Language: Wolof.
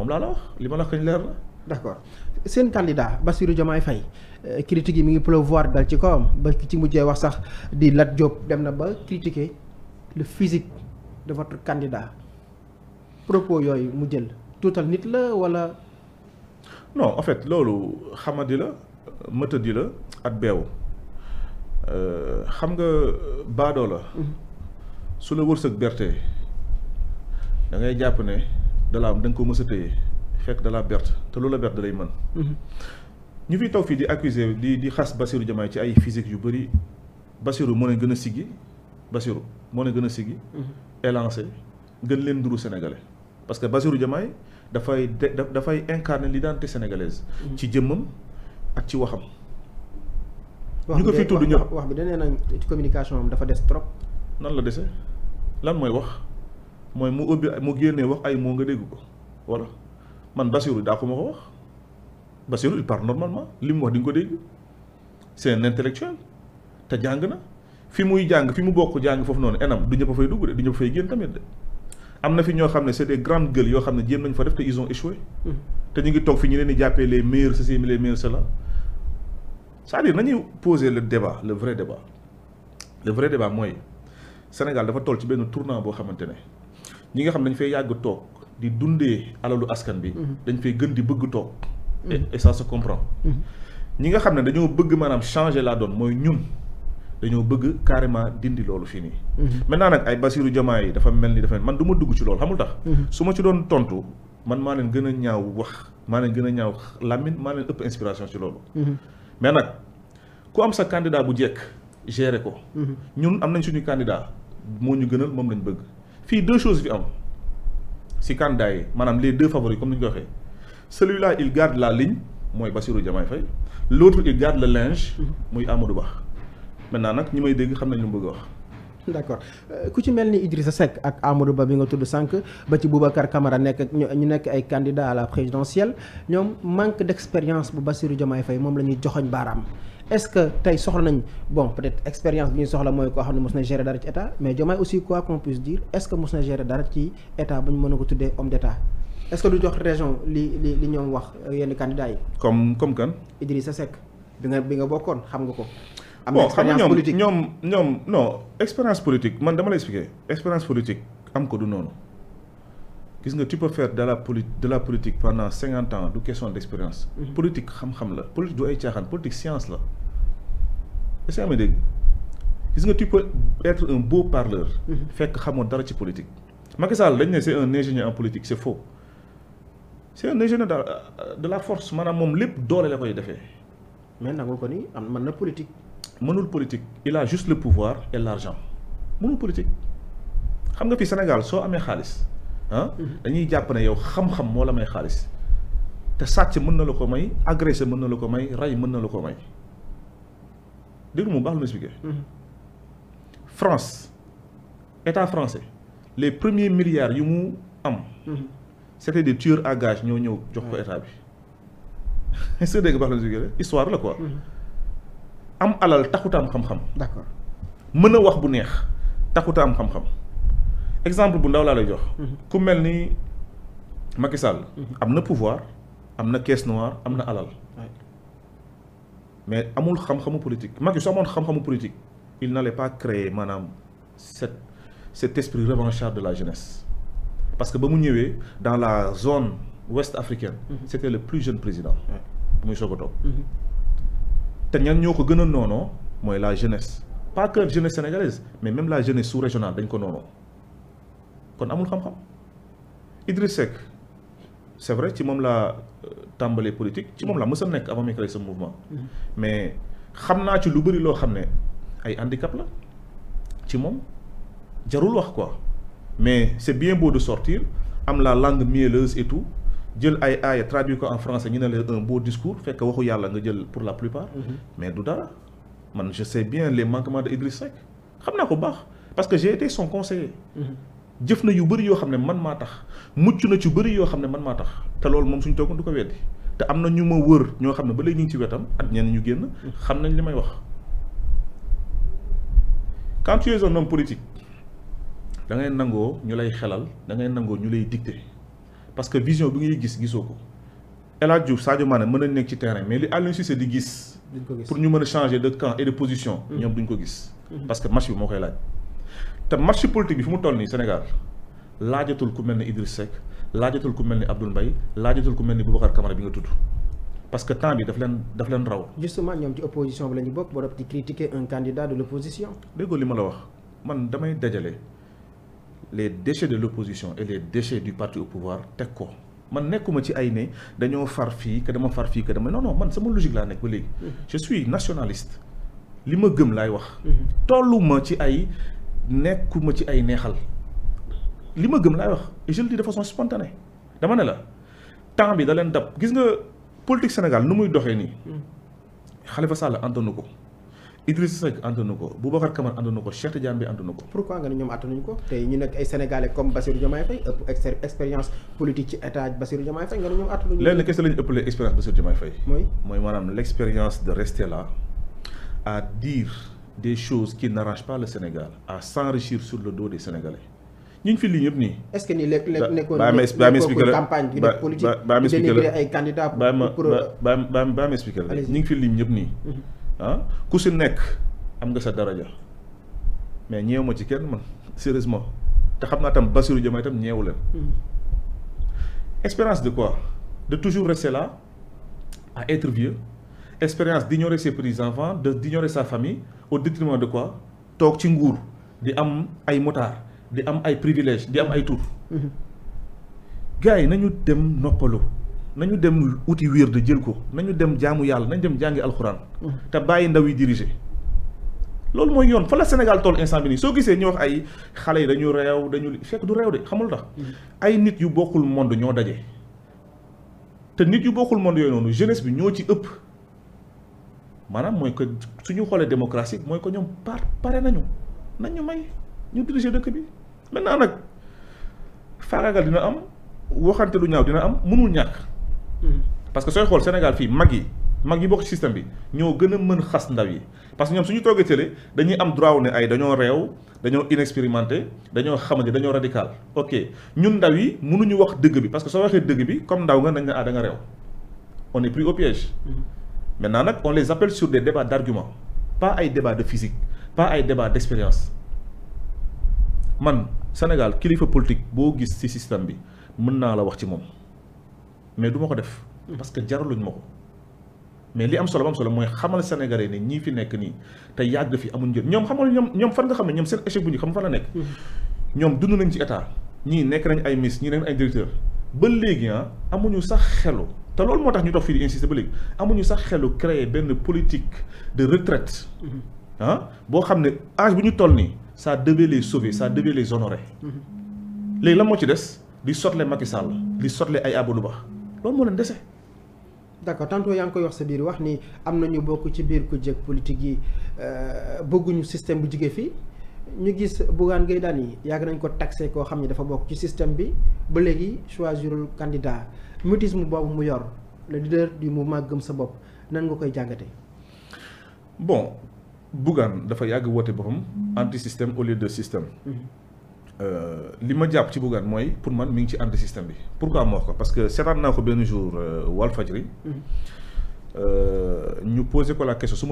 moom laa la wax li ma la wax leer la. d' accord seen candidat Bassirou Diomaye Faye eh, critique yi mi ngi pleuvoir dal ci kawam ba ci mujjee wax sax di Lat Diop dem na ba critiquer le physique de votre candidat propos yooyu mu jël tuutal nit la wala. non en fait loolu xamadi la mëtadi la at beew euh, xam nga baadoo la. Mm-hmm. su la wërsëg berte da jàpp ne. dalaa da nga ko mës a téye fekk dalaa berte te loola berte dalay mën mhm. ñu fiy taw fii di accuser di di xas basiru Diomaye ci ay physique yu bëri basiru moo leen gën a siggi Bassirou moo leen gën a siggi élancé mhm. gën leen nduru sénégalais parce que basiru Diomaye dafay dafay incarner l'identité sénégalaise mhm. ci jëmmam ak ci waxam ñu ko fi tudd ñëpp wax bi danee nañ ci communication dafa des trop nan la dese lan mooy wax mooy mu ubbi mu génnee wax ay moo nga dégg ko voilà man Bassirou daa ko ma ko wax Bassirou il parle normalement li mu wax di nga ko dégg seen un intellectuel te jàng na fi muy jàng fi mu bokk jàng foofu noonu enam du ñëpp fay dugg de du ñëpp fay génn tamit de am na fi ñoo xam ne c'est des grandes gueules yoo xam ne jéem nañ fa def te ils ont mm-hmm. te ñu ngi toog fi ñu leen di jàppee les meilleurs ceci les meilleurs cela c'est-à-dire nañuy poser le débat le vrai débat le vrai mooy Sénégal dafa toll ci benn tournant boo xamante ne ñi nga xam dañ fay yàgg toog di dundee alalu askan bi. Mhm. dañ fay gën di bëgg toog. et mhm. ça se comprend. Mhm. ñi nga xam ne dañoo bëgg maanaam changer la donne mooy ñun dañoo bëgg carrément dindi loolu fii nii. maintenant nag ay Bassirou Diomaye yi dafa mel ni dafa man du ma dugg ci loolu xamul tax. su ma ci doon tontu man maa leen gën a ñaaw wax maa leen gën a ñaaw làmmiñ maa leen ëpp inspiration ci loolu. mais nag ku am sa candidat bu jekk gérer ko. ñun am nañ suñu candidat moo ñu gënal moom lañ bëgg. fii deux choses fi am si candidat yi maanaam les deux favoris comme ni ñu ko waxee celui-là il garde la ligne mooy Bassirou Diomaye Faye l'autre il garde le linge muy Amadou Ba maintenant nag ñi may dégg xam nañ lu mu bëgg a wax d'accord euh, ku ci mel ni Idrissa Seck ak Amadou Ba bi nga tudd sànq ba ci Boubacar Camara nekk ñu nekk ay candidats à la présidentielle ñoom manque d'expérience bu Bassirou Diomaye Faye moom la ñuy joxoñ baaraam est-ce que tey soxla nañ bon peut-être expérience bi ñu soxla mooy koo xam ne mos na gérer dara ci état mais Diomaye aussi quoi qu'on puisse est-ce que mos na gérer dara ci état ba ñu mën a ko tuddee homme d'état est-ce que du jox raison li li li ñoom wax euh, yenn candidats yi. comme comme kan. Idrissa Seck bi nga bi nga bokkoon xam nga ko. am na expérience politique ñoom ñoom non expérience politique man dama lay expliquer expérience politique am ko du noonu. gis nga tu peux faire de la poli de la politique pendant cinquante ans mhm. la politique du ay la. est-ce dégg gis nga tu peux être un beau parleur. Mm-hmm. fekk xamoo dara ci politique. Macky Sall dañ ne c'est un ingénieur en politique c'est faux c'est un ingénieur de la force maanaam moom lépp doole la koy defee. mais nangul ko ni am mën na politique. mënul politique il a juste le pouvoir et l'argent mënul politique xam nga fi Sénégal soo amee xaalis ah. Mm-hmm. dañuy jàpp ne yow xam-xam moo la may xaalis te sàcc mën na la ko may agressé mën na la ko may rey mën na la ko may. déglu mu baax lu ma expliqué. Mhm. France état français les premiers milliards yu mu am. Mhm. c'était des tueurs à gages ñoo ñëw jox ko état bi. est-ce que dégg baax lu ma expliqué histoire la quoi. Mhm. am alal taxut am xam-xam. mën a wax bu neex taxut am xam-xam exemple bu ndaw laa lay jox. ku mel ni Macky am na pouvoir am na caisse noire am na alal. mais amul xam-xamu politique Macky su amoon xam-xamu politique il n'allait pas créer maanaam cet cet esprit revanchard de la jeunesse parce que ba mu ñëwee dans la zone ouest africaine mhm. c'était le plus jeune président muy soog a toog mhm. te ñan ñoo ko gën a noonoo mooy la jeunesse pas que jeunesse sénégalaise mais même la jeunesse sous-régionale dañ ko noonoo kon amul xam-xam c'est vrai ci moom laa euh, tàmbalee politique ci moom laa mës nekk avant may créer sa mouvement. Mm-hmm. mais xam naa ci lu bëri loo xam ne ay handicap la ci moom jarul wax quoi mais c'est bien beau de sortir am la langue mielleuse et tout jël ay aaya traduit ko en français ñu ne la un beau discours fekk waxu yàlla nga jël pour la plupart. Mm-hmm. mais du dara man je sais bien les manquements de Idriss Seck xam naa ko baax parce que j'ai son conseiller. Mm-hmm. jëf na yu bëri yoo xam ne man maa tax mucc na cu bëri yoo xam ne man maa tax te lool moom suñ toogoon du ko weddi te am na ñu ma wër ñoo xam ne ba léegi ñu ngi ci wetam ak ñenn ñu génn xam nañ li may wax quand tu es un politique da ngay nangoo ñu lay xelal da ngay nangoo ñu lay dicter parce que vision bi ngay gis gisoo ko El Hadj Diouf Sadio mën nañ nekk ci terrain mais li Aliou Cissé di gis pour ñu mën a changer de camp et de position mm. ñoom duñ ko gis mm-hmm. parce que match moo koy laaj te marché politique bi fu mu toll nii Sénégal laajatul ku mel ni Idriss Seck laajatul ku mel ni Abdoul mbay laajatul ku mel ni Boubacar Camara bi nga tudd parce que temps bi daf leen daf leen raw. justement ñoom ci opposition bi la ñu bokk ba di critiquer un candidat de l' opposition. déggoo li ma la wax man damay dajale les déchets de l' opposition et les déchets du parti au pouvoir teg ko man nekkuma ci ay ne dañoo far fii que dama far fii que dama non non man sama logique laa nekk ba léegi. Mm-hmm. je suis li ma gëm laay wax. Mm-hmm. tollu ma ci ay. nekkuma ci ay neexal li ma gëm laay wax et je le dis de façon spontanée dama ne la temps bi da leen dab gis nga politique Sénégal nu muy doxee nii hmm. Khalifa Sall àndanu ko Idriss Seck àndanu ko Boubacar Camara àndanu ko Cheikh Tidiane bi àndanu ko. pourquoi nga ne ñoom àndanuñ ko tey ñu nekk ay sénégalais comme Bassirou Diomaye Faye ëpp expérience politique ci état Bassirou Diomaye Faye nga ne ñoom àndanuñ ko. lenn kese la ñu ëppalee expérience mooy mooy maanaam l' expérience de des choses qui n'arrangent pas le Sénégal à s'enrichir sur le dos des Sénégalais ñu ngi fi lii ñëpp nii. est-ce que ni lépp nekkoon nekkoon campagne bi def politique ba ma expliqué la ay candidats pour euh, ba ba ma expliqué la ñu ngi mhm. ah, nekk am nga sa daraja mais ñeew ma ci kenn man sérieusement te xam naa tam Bassirou Diomaye tam ñeewu leen. Mhm. expérience de quoi de toujours rester là à être vieux. expérience d'ignorer ses petits-enfants de d'ignorer sa famille au détriment de quoi toog ci nguur di am ay motards di am ay privilèges di am ay tour mm-hmm. gars yi nañu dem noppalu nañu dem wuti wiir de jël ko nañu dem jaamu yàlla nañu dem jàngi alxuraan. Mm-hmm. te bàyyi ndaw yi diriger. loolu mooy yoon fa la Sénégal toll instant bi nii soo gisee ñu wax ay xale yi dañu réew dañu fekk du réew de xamul tax mm-hmm. ay nit yu bokkul monde ñoo daje. te nit yu bokkul monde yooyu noonu jeunesse bi ñoo ci ëpp. maanaam mooy que suñu xoolee démocratie mooy que ñoom par pare nañu nañ nañu may ñu diriger dëkk bi mel maintenant nag faagaagal dina am waxante lu ñaaw dina am mënul ñàkk hmm. parce que sooy xool Sénégal fii mag yi mag yi bokk ci système bi ñoo gën a mën xas ndaw yi parce que ñoom su ñu toogee télé dañuy am droit wu ne ay dañoo réew dañoo inexpérimenté dañoo xamante dañoo radical ok ñun ndaw yi munuñu wax dëgg bi parce que soo waxee dëgg bi comme ndaw nga nañ ne ah nga réew on est pris maintenant nag on les appelle sur des débats d'argument pas ay débat de physique pas ay débat d'expérience man Sénégal kilifa politique boo gis ci système bi mën naa la wax ci moom mais du ma ko def parce que jaraluñ ma ko mais li am solo ba am solo mooy xamal sénégalais ne ñii fi nekk nii te yàgg fi amuñ jot ñoom xamal ñoom ñoom fan nga xam ne ñoom seen échec bu ñu xam fan la nekk mm-hmm. ñoom dund nañ ci état ñii nekk nañ ay ministre ñii nekk nañ ay directeur ba léegi ah, amuñu sax xelu te loolu moo tax ñu toog fii di insister ba léegi amuñu sax xelu créer benn politique de retraite mm-hmm. ah boo xam ne âge bu ñu toll nii ça devait les sauver ça devait les honorer mm-hmm. léegi la moo ci des di sotle Macky Sall di sotle ay Amadou Ba loolu moo leen dese. d'accord tantôt yaa ngi koy wax sa biir wax nii am na ñu bokk ci biir ku jég politique yi euh, bëgguñu système bu jige fii. ñu gis Bougane Gueye Dany yàgg nañ ko taxé koo xam ne dafa bokk ci système bi ba léegi choisirul candidat mutisme boobu mu yor le leader du mouvement gëm sa bopp nan nga koy jàngate bon Bougane dafa yàgg woote boppam anti système oli lieu de système mhm. euh, li ma jàpp ci Bougane mooy pour man mi ngi ci anti système bi pourquoi ma wax ko parce que seetaan naa ko benn jour euh, Walfadjri mhm. euh, ñu posé ko la question